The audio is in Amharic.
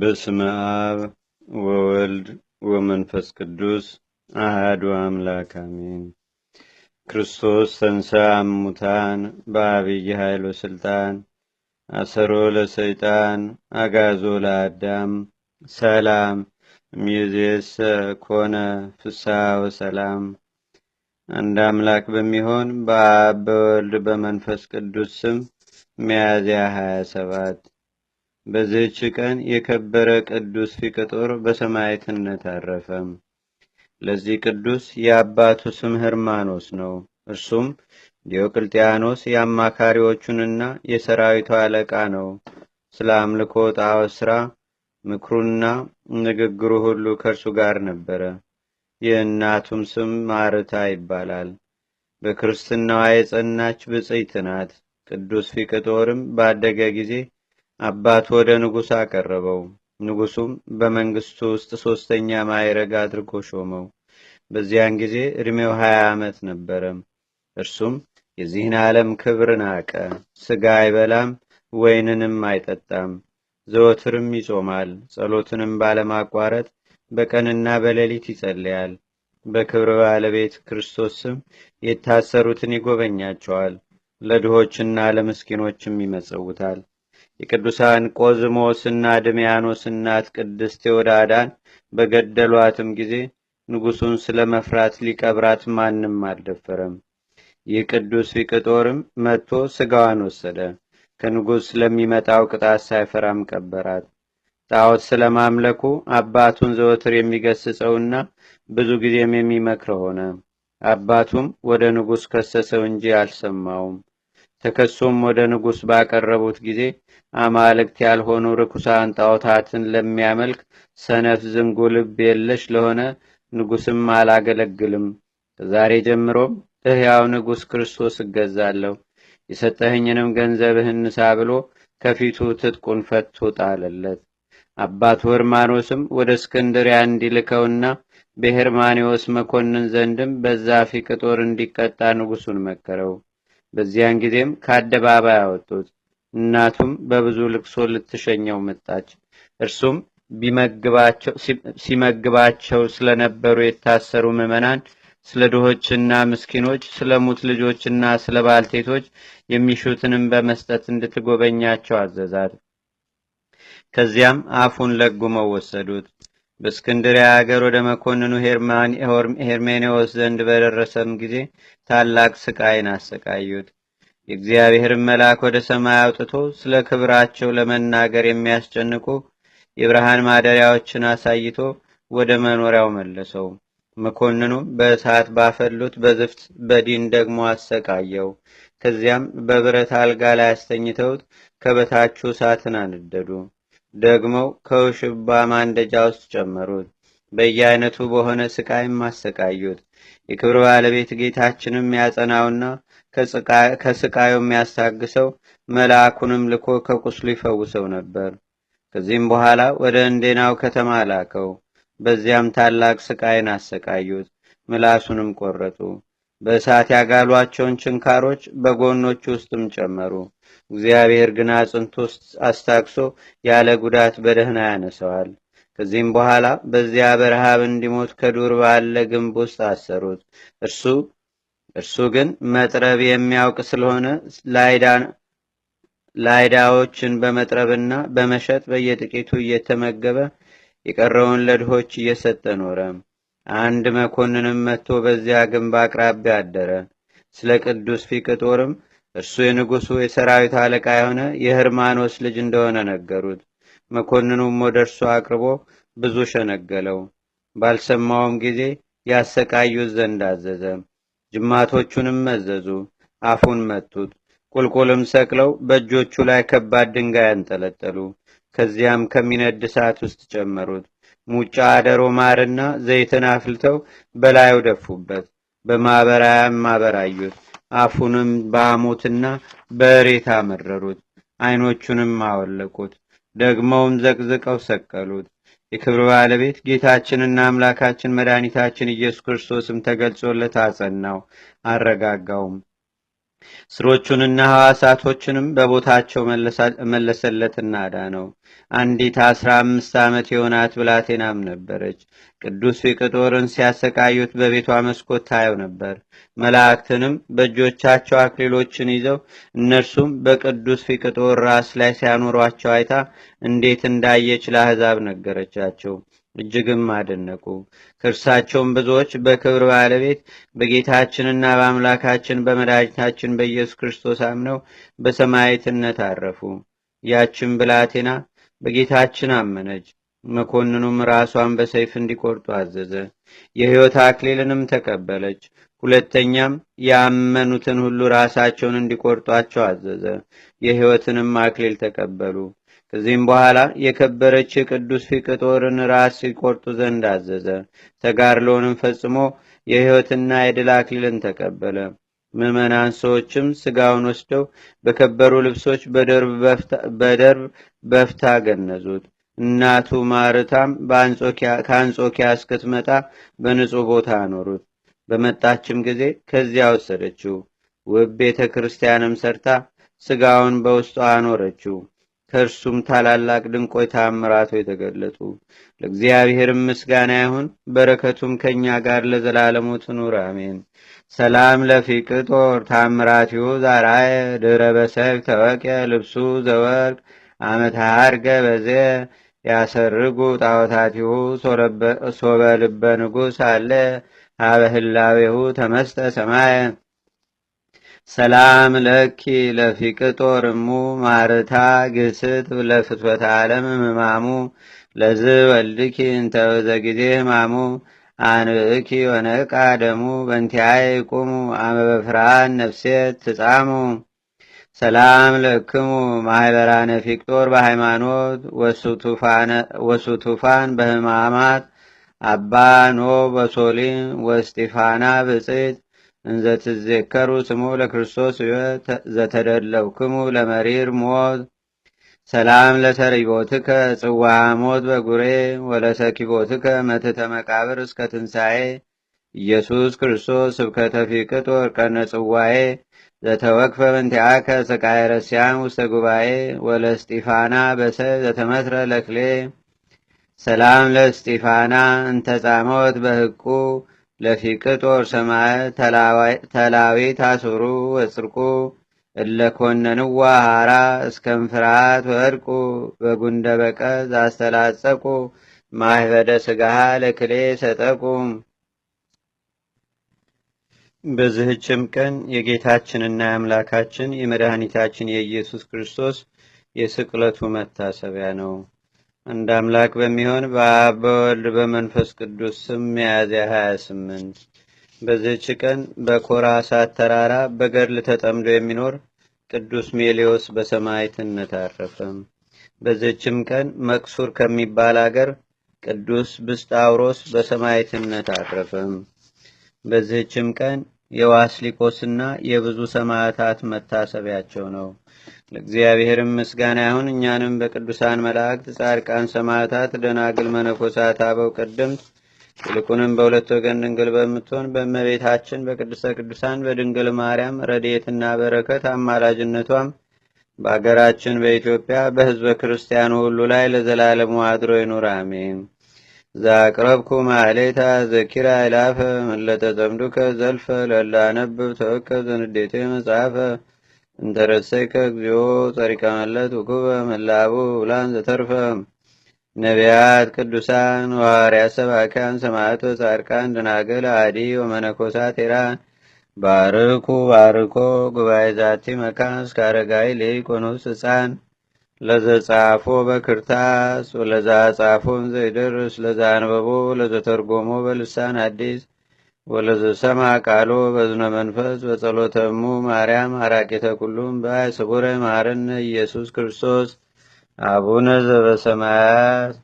በስመ አብ ወወልድ ወመንፈስ ቅዱስ አህዱ አምላክ አሜን። ክርስቶስ ተንሥአ እሙታን በአብይ ኃይል ወስልጣን አሰሮ ለሰይጣን አጋዞ ለአዳም ሰላም ሚዜሰ ኮነ ፍስሐ ወሰላም። አንድ አምላክ በሚሆን በአብ በወልድ በመንፈስ ቅዱስ ስም ሚያዝያ 27 በዚህች ቀን የከበረ ቅዱስ ፊቅጦር በሰማይትነት አረፈ። ለዚህ ቅዱስ የአባቱ ስም ህርማኖስ ነው። እርሱም ዲዮቅልጥያኖስ የአማካሪዎቹንና የሰራዊቱ አለቃ ነው። ስለ አምልኮ ጣዖት ሥራ ምክሩና ንግግሩ ሁሉ ከእርሱ ጋር ነበረ። የእናቱም ስም ማርታ ይባላል። በክርስትናዋ የጸናች ብጽይት ናት። ቅዱስ ፊቅጦርም ባደገ ጊዜ አባቱ ወደ ንጉሥ አቀረበው። ንጉሡም በመንግሥቱ ውስጥ ሦስተኛ ማይረግ አድርጎ ሾመው። በዚያን ጊዜ ዕድሜው ሀያ ዓመት ነበረ። እርሱም የዚህን ዓለም ክብር ናቀ። ሥጋ አይበላም፣ ወይንንም አይጠጣም። ዘወትርም ይጾማል። ጸሎትንም ባለማቋረጥ በቀንና በሌሊት ይጸልያል። በክብር ባለቤት ክርስቶስ ስም የታሰሩትን ይጎበኛቸዋል። ለድሆችና ለምስኪኖችም ይመጸውታል። የቅዱሳን ቆዝሞስና ድሜያኖስ እናት ቅድስት ቴዎዳዳን በገደሏትም ጊዜ ንጉሱን ስለ መፍራት ሊቀብራት ማንም አልደፈረም። ይህ ቅዱስ ፊቅጦርም መጥቶ ስጋዋን ወሰደ። ከንጉሥ ስለሚመጣው ቅጣት ሳይፈራም ቀበራት። ጣዖት ስለማምለኩ አባቱን ዘወትር የሚገስጸውና ብዙ ጊዜም የሚመክረው ሆነ። አባቱም ወደ ንጉሥ ከሰሰው እንጂ አልሰማውም። ተከሶም ወደ ንጉሥ ባቀረቡት ጊዜ አማልክት ያልሆኑ ርኩሳን ጣዖታትን ለሚያመልክ ሰነፍ ዝንጉ ልብ የለሽ ለሆነ ንጉሥም አላገለግልም። ከዛሬ ጀምሮም እህያው ንጉሥ ክርስቶስ እገዛለሁ፣ የሰጠኸኝንም ገንዘብህን ንሳ ብሎ ከፊቱ ትጥቁን ፈቶ ጣለለት። አባቱ ሕርማኖስም ወደ እስክንድሪያ እንዲልከውና በሄርማኔዎስ መኮንን ዘንድም በዛፊ ቅጦር እንዲቀጣ ንጉሡን መከረው። በዚያን ጊዜም ከአደባባይ አወጡት። እናቱም በብዙ ልቅሶ ልትሸኘው መጣች። እርሱም ሲመግባቸው ስለነበሩ የታሰሩ ምዕመናን፣ ስለ ድሆችና ምስኪኖች፣ ስለ ሙት ልጆችና ስለ ባልቴቶች የሚሹትንም በመስጠት እንድትጎበኛቸው አዘዛት። ከዚያም አፉን ለጉመው ወሰዱት። በእስክንድሪያ አገር ወደ መኮንኑ ሄርሜኔዎስ ዘንድ በደረሰም ጊዜ ታላቅ ስቃይን አሰቃዩት። የእግዚአብሔርን መልአክ ወደ ሰማይ አውጥቶ ስለ ክብራቸው ለመናገር የሚያስጨንቁ የብርሃን ማደሪያዎችን አሳይቶ ወደ መኖሪያው መለሰው። መኮንኑም በእሳት ባፈሉት በዝፍት በዲን ደግሞ አሰቃየው። ከዚያም በብረት አልጋ ላይ አስተኝተውት ከበታቹ እሳትን አነደዱ። ደግሞ ከውሽባ ማንደጃ ውስጥ ጨመሩት። በየአይነቱ በሆነ ስቃይም አሰቃዩት። የክብር ባለቤት ጌታችንም ያጸናውና ከስቃዩ የሚያስታግሰው መልአኩንም ልኮ ከቁስሉ ይፈውሰው ነበር። ከዚህም በኋላ ወደ እንዴናው ከተማ ላከው። በዚያም ታላቅ ስቃይን አሰቃዩት፣ ምላሱንም ቆረጡ። በእሳት ያጋሏቸውን ችንካሮች በጎኖች ውስጥም ጨመሩ። እግዚአብሔር ግን አጽንቶ አስታግሶ ያለ ጉዳት በደህና ያነሰዋል። ከዚህም በኋላ በዚያ በረሃብ እንዲሞት ከዱር ባለ ግንብ ውስጥ አሰሩት። እርሱ እርሱ ግን መጥረብ የሚያውቅ ስለሆነ ላይዳዎችን በመጥረብና በመሸጥ በየጥቂቱ እየተመገበ የቀረውን ለድሆች እየሰጠ ኖረ። አንድ መኮንንም መጥቶ በዚያ ግንብ አቅራቢያ አደረ። ስለ ቅዱስ ፊቅጦርም እርሱ የንጉሡ የሰራዊት አለቃ የሆነ የህርማኖስ ልጅ እንደሆነ ነገሩት። መኮንኑም ወደ እርሱ አቅርቦ ብዙ ሸነገለው። ባልሰማውም ጊዜ ያሰቃዩት ዘንድ አዘዘ። ጅማቶቹንም መዘዙ፣ አፉን መቱት። ቁልቁልም ሰቅለው በእጆቹ ላይ ከባድ ድንጋይ አንጠለጠሉ። ከዚያም ከሚነድ እሳት ውስጥ ጨመሩት። ሙጫ አደሮ ማርና ዘይትን አፍልተው በላዩ ደፉበት፣ በማበራያም ማበራዩት አፉንም በሐሞትና በእሬት አመረሩት፣ አይኖቹንም አወለቁት። ደግመውም ዘቅዝቀው ሰቀሉት። የክብር ባለቤት ጌታችንና አምላካችን መድኃኒታችን ኢየሱስ ክርስቶስም ተገልጾለት አጸናው፣ አረጋጋውም። ስሮቹንና ሐዋሳቶችንም በቦታቸው መለሰለትና ነው። አንዲት አስራ አምስት ዓመት የሆናት ብላቴናም ነበረች። ቅዱስ ፊቅጦርን ሲያሰቃዩት በቤቷ መስኮት ታየው ነበር። መላእክትንም በእጆቻቸው አክሊሎችን ይዘው እነርሱም በቅዱስ ፊቅጦር ራስ ላይ ሲያኖሯቸው አይታ እንዴት እንዳየች ለአሕዛብ ነገረቻቸው። እጅግም አደነቁ። ከእርሳቸውም ብዙዎች በክብር ባለቤት በጌታችንና በአምላካችን በመድኃኒታችን በኢየሱስ ክርስቶስ አምነው በሰማይትነት አረፉ። ያችን ብላቴና በጌታችን አመነች። መኮንኑም ራሷን በሰይፍ እንዲቆርጡ አዘዘ። የሕይወት አክሊልንም ተቀበለች። ሁለተኛም ያመኑትን ሁሉ ራሳቸውን እንዲቆርጧቸው አዘዘ። የሕይወትንም አክሊል ተቀበሉ። ከዚህም በኋላ የከበረች የቅዱስ ፊቅጦርን ራስ ይቆርጡ ዘንድ አዘዘ። ተጋድሎንም ፈጽሞ የሕይወትና የድል አክሊልን ተቀበለ። ምዕመናን ሰዎችም ስጋውን ወስደው በከበሩ ልብሶች በደርብ በፍታ ገነዙት። እናቱ ማርታም ከአንጾኪያ እስክትመጣ በንጹሕ ቦታ አኖሩት። በመጣችም ጊዜ ከዚያ ወሰደችው። ውብ ቤተ ክርስቲያንም ሰርታ ስጋውን በውስጧ አኖረችው። ከእርሱም ታላላቅ ድንቆይ ታምራቶ የተገለጡ። ለእግዚአብሔርም ምስጋና ይሁን፣ በረከቱም ከእኛ ጋር ለዘላለሙ ትኑር አሜን። ሰላም ለፊቅጦር ታምራቲሁ ዛራየ ድረ በሰብ ተወቅየ ልብሱ ዘወርቅ አመት አርገ በዜ ያሰርጉ ጣዖታቲሁ ሶበ ልበ ንጉሥ አለ ሀበ ተመስጠ ሰማየ ሰላም ለኪ ለፊቅጦርሙ ማርታ ግስት ለፍትወተ ዓለም ህማሙ ለዝ ወልድኪ እንተበዘ ጊዜ ህማሙ አንብእኪ ወነቃ ደሙ በንቲያይ ቁሙ አመበፍርሃን ነፍሴ ትጻሙ ሰላም ለክሙ ማህበራነ ፊቅጦር በሃይማኖት ወሱቱፋን በህማማት አባ ኖ በሶሊም ወስጢፋና ብጽት እንዘትዘከሩ ስሙ ለክርስቶስ ክሙ ለመሪር ሞት ሰላም ለሰሪቦትከ ጽዋ ሞት በጉሬ ወለሰኪቦትከ መትተ መቃብር እስከ ትንሣኤ ኢየሱስ ክርስቶስ ስብከተ ፊቅጥ ወርቀነ ጽዋዬ ዘተወክፈ በንቲአከ ስቃይ ረስያን ውስተ ጉባኤ ወለስጢፋና በሰ ዘተመትረ ለክሌ ሰላም ለስጢፋና እንተጻሞት በህቁ ለፊቅጦር ሰማይ ተላዊት ታስሩ ወፅርቁ እለኮነንዋ ሃራ እስከም ፍርሃት ወርቁ በጉንደ በቀዝ አስተላጸቁ ማህበደ ስጋሃ ለክሌ ሰጠቁ። በዝህችም ቀን የጌታችንና የአምላካችን የመድኃኒታችን የኢየሱስ ክርስቶስ የስቅለቱ መታሰቢያ ነው። አንድ አምላክ በሚሆን በአብ በወልድ በመንፈስ ቅዱስ ስም ሚያዝያ 28 በዚህች ቀን በኮራሳት ተራራ በገድል ተጠምዶ የሚኖር ቅዱስ ሜሌዎስ በሰማይትነት አረፈ። በዚህችም ቀን መቅሱር ከሚባል አገር ቅዱስ ብስጣውሮስ በሰማይትነት አረፈ። በዚህችም ቀን የዋስሊቆስና የብዙ ሰማዕታት መታሰቢያቸው ነው። ለእግዚአብሔርም ምስጋና ያሁን እኛንም በቅዱሳን መላእክት፣ ጻድቃን፣ ሰማዕታት፣ ደናግል፣ መነኮሳት፣ አበው ቀደምት ይልቁንም በሁለት ወገን ድንግል በምትሆን በመቤታችን በቅዱሰ ቅዱሳን በድንግል ማርያም ረድኤትና በረከት አማላጅነቷም በአገራችን በኢትዮጵያ በህዝበ ክርስቲያኑ ሁሉ ላይ ለዘላለሙ አድሮ ይኑር። አሜን። ዛቅረብኩ ማሌታ ዘኪራ ይላፈ መለተጠምዱከ ዘልፈ ለላነብብ ተወከ ዘንዴቴ መጽሐፈ እንተረሰይከ እግዚኦ ጸሪቀመለት ውኩበ መላቡ ብላን ዘተርፈ ነቢያት ቅዱሳን ዋርያ ሰባኪያን ሰማዕት ወጻድቃን ደናገል አዲ ወመነኮሳት ቴራን ባርኩ ባርኮ ጉባኤ ዛቲ መካን እስካረጋይ ልይ ቆኑስ ህፃን ለዘጻፎ በክርታስ ወለዛጻፎም ዘይደርስ ለዛአንበቦ ለዘተርጎሞ በልሳን አዲስ ወለዘሰማ ቃሎ በዝነ መንፈስ በጸሎተሙ ማርያም አራቂተ ኩሉም በአይ ስቡረ ማረነ ኢየሱስ ክርስቶስ አቡነ ዘበሰማያት